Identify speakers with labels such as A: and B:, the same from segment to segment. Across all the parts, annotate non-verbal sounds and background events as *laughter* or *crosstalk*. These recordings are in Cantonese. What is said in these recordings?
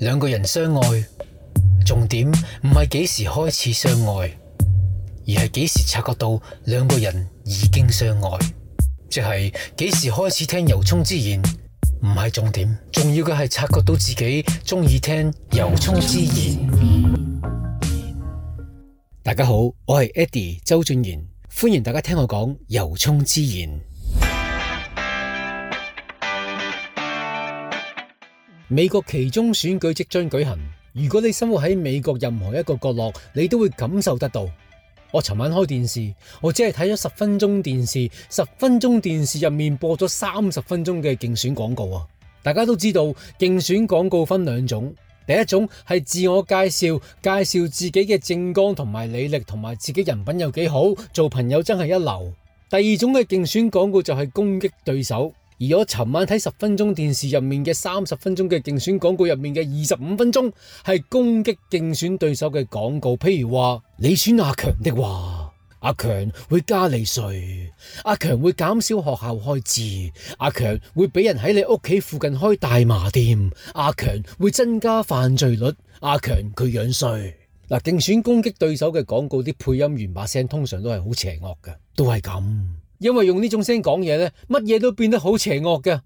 A: 兩個人相愛，重點唔係幾時開始相愛，而係幾時察覺到兩個人已經相愛，即係幾時開始聽由衷之言，唔係重點，重要嘅係察覺到自己鍾意聽由衷之言。大家好，我係 Eddie 周俊賢，歡迎大家聽我講由衷之言。美國期中選舉即將舉行，如果你生活喺美國任何一個角落，你都會感受得到。我尋晚開電視，我只係睇咗十分鐘電視，十分鐘電視入面播咗三十分鐘嘅競選廣告啊！大家都知道，競選廣告分兩種，第一種係自我介紹，介紹自己嘅政綱同埋履歷，同埋自己人品有幾好，做朋友真係一流。第二種嘅競選廣告就係攻擊對手。而我尋晚睇十分鐘電視入面嘅三十分鐘嘅競選廣告入面嘅二十五分鐘係攻擊競選對手嘅廣告，譬如話你選阿強的話，阿強會加你稅，阿強會減少學校開支，阿強會俾人喺你屋企附近開大麻店，阿強會增加犯罪率，阿強佢樣衰，嗱，競選攻擊對手嘅廣告啲配音員把聲通常都係好邪惡嘅，都係咁。因為用呢種聲講嘢呢，乜嘢都變得好邪惡嘅。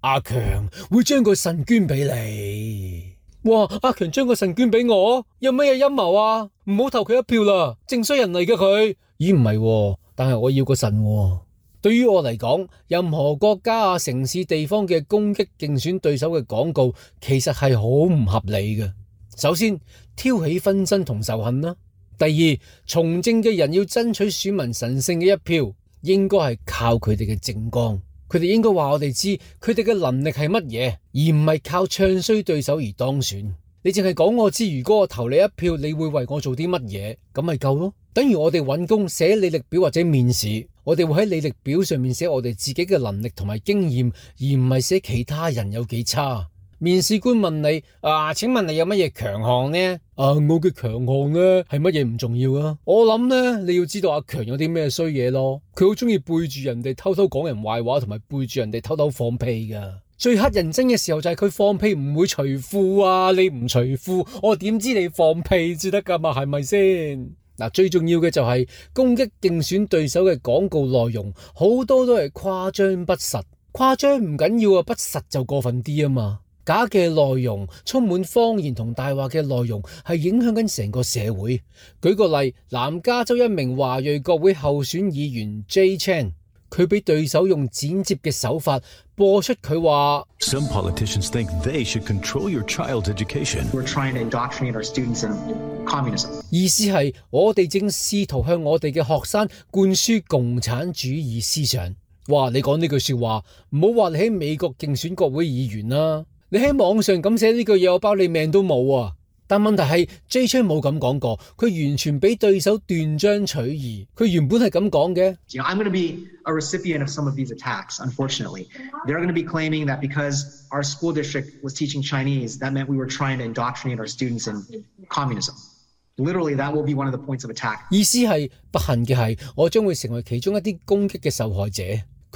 A: 阿強會將個腎捐俾你，哇！阿強將個腎捐俾我，有乜嘢陰謀啊？唔好投佢一票啦，正衰人嚟㗎佢。咦，唔係喎，但係我要個腎喎。對於我嚟講，任何國家啊、城市、地方嘅攻擊競選對手嘅廣告，其實係好唔合理嘅。首先挑起紛爭同仇恨啦。第二從政嘅人要爭取選民神聖嘅一票。應該係靠佢哋嘅政綱，佢哋應該話我哋知佢哋嘅能力係乜嘢，而唔係靠唱衰對手而當選。你淨係講我知，如果我投你一票，你會為我做啲乜嘢，咁咪夠咯。等於我哋揾工寫履歷表或者面試，我哋會喺履歷表上面寫我哋自己嘅能力同埋經驗，而唔係寫其他人有幾差。面試官問你啊，請問你有乜嘢強項呢？啊，我嘅強項呢係乜嘢唔重要啊。我諗呢，你要知道阿強有啲咩衰嘢咯。佢好中意背住人哋偷偷講人壞話，同埋背住人哋偷偷放屁噶。最乞人憎嘅時候就係佢放屁唔會除褲啊。你唔除褲，我點知你放屁至得噶嘛？係咪先？嗱，最重要嘅就係攻擊競選對手嘅廣告內容，好多都係誇張不實。誇張唔緊要啊，不實就過分啲啊嘛。假嘅內容充滿謊言、同大話嘅內容，係影響緊成個社會。舉個例，南加州一名華裔國會候選議員 Jay Chen，佢俾對手用剪接嘅手法播出，佢話：Some politicians think they should control your child's education. We're trying to indoctrinate our students in communism. 意思係我哋正試圖向我哋嘅學生灌輸共產主義思想。哇！你講呢句話說話，唔好話你喺美國競選國會議員啦。你喺網上咁寫呢句嘢，我包你命都冇啊！但問題係 J. 崔冇咁講過，佢完全俾對手斷章取義。佢原本係咁講嘅。I'm going to be a recipient of some of these attacks. Unfortunately, they're going to be claiming that because our school district was teaching Chinese, that meant we were trying to indoctrinate our students in communism. Literally, that will be one of the points of attack. 意思係不幸嘅係，我將會成為其中一啲攻擊嘅受害者。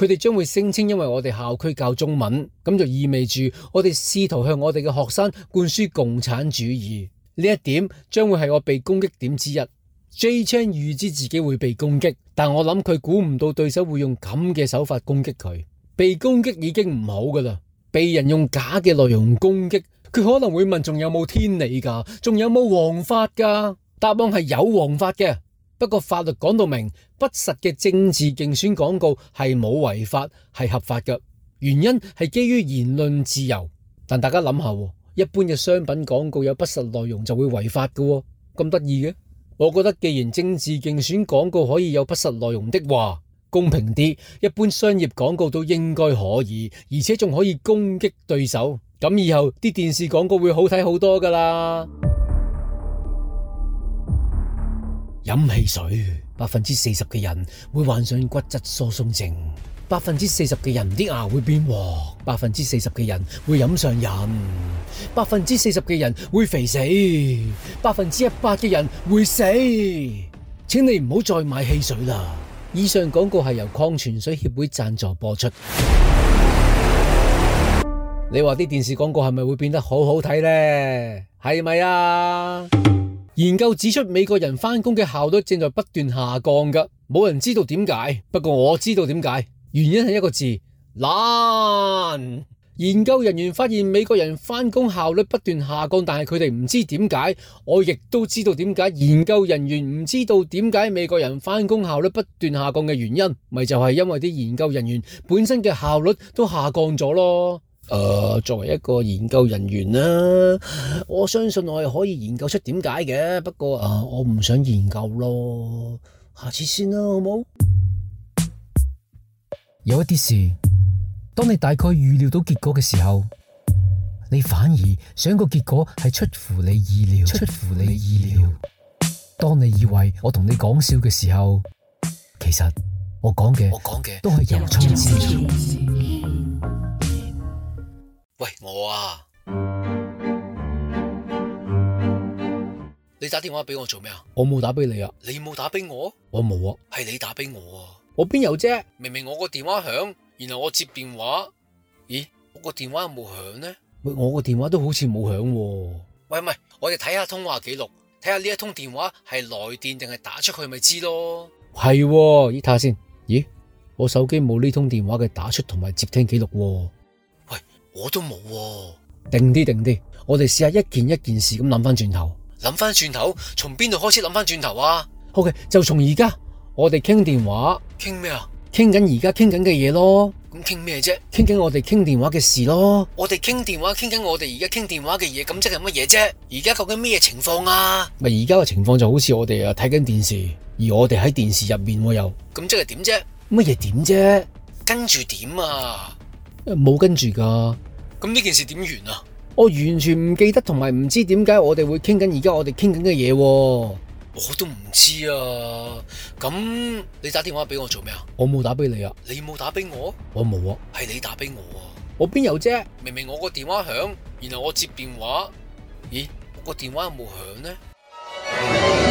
A: 佢哋將會聲稱，因為我哋校區教中文，咁就意味住我哋試圖向我哋嘅學生灌輸共產主義。呢一點將會係我被攻擊點之一。J Chan 預知自己會被攻擊，但我諗佢估唔到對手會用咁嘅手法攻擊佢。被攻擊已經唔好㗎喇，被人用假嘅內容攻擊，佢可能會問：仲有冇天理㗎？仲有冇王法㗎？答案係有王法嘅。不過法律講到明，不實嘅政治競選廣告係冇違法，係合法嘅。原因係基於言論自由。但大家諗下，一般嘅商品廣告有不實內容就會違法嘅喎。咁得意嘅？我覺得既然政治競選廣告可以有不實內容的話，公平啲，一般商業廣告都應該可以，而且仲可以攻擊對手。咁以後啲電視廣告會好睇好多噶啦。飲汽水，百分之四十嘅人會患上骨質疏鬆症；百分之四十嘅人啲牙會變黃；百分之四十嘅人會飲上癮；百分之四十嘅人會肥死；百分之一百嘅人會死。請你唔好再買汽水啦！以上廣告係由礦泉水協會贊助播出。 *noise* 你話啲電視廣告係咪會變得好好睇呢？係咪啊？研究指出，美國人返工嘅效率正在不斷下降噶冇人知道點解，不過我知道點解，原因係一個字懶。研究人員發現美國人返工效率不斷下降，但係佢哋唔知點解，我亦都知道點解。研究人員唔知道點解美國人返工效率不斷下降嘅原因，咪就係因為啲研究人員本身嘅效率都下降咗咯。誒、呃、作為一個研究人員啦，我相信我係可以研究出點解嘅。不過啊、呃，我唔想研究咯，下次先啦，好冇？有一啲事，當你大概預料到結果嘅時候，你反而想個結果係出乎你意料。出乎你嘅意料。你意料。當你以為我同你講笑嘅時候，其實我講嘅我講嘅都係由衷之言。喂，我啊，你打電話俾我做咩啊？我冇打俾你啊，你冇打俾我？我冇啊，係你打俾我啊，我邊有啫？明明我個電話響，然後我接電話，咦，我個電話有冇響呢？喂，我個電話都好似冇響。喂，唔係，我哋睇下通話記錄，睇下呢一通電話係來電定係打出去咪知咯。係啊，咦，睇下先。咦，我手機冇呢通電話嘅打出同埋接聽記錄啊。我都冇喎，啊，定啲定啲，我哋試下一件一件事咁諗翻轉頭，諗翻轉頭，從邊度開始諗翻轉頭啊？OK，就從而家，我哋傾電話，傾咩啊？傾緊而家傾緊嘅嘢咯。咁傾咩啫？傾緊我哋傾電話嘅事咯。我哋傾電話，傾緊我哋而家傾電話嘅嘢，咁即係乜嘢啫？而家究竟咩情況啊？咪而家嘅情況就好似我哋啊睇緊電視，而我哋喺電視入面又，咁即係點啫？乜嘢點啫？跟住點啊？冇跟住噶，咁呢件事點完啊？我完全唔記得同埋唔知點解我哋會傾緊而家我哋傾緊嘅嘢，我都唔知啊。咁你打電話俾我做咩啊？我冇打俾你啊，你冇打俾我，我冇啊，係你打俾我啊，我邊有啫？明明我個電話響，然後我接電話，咦，我個電話有冇響呢？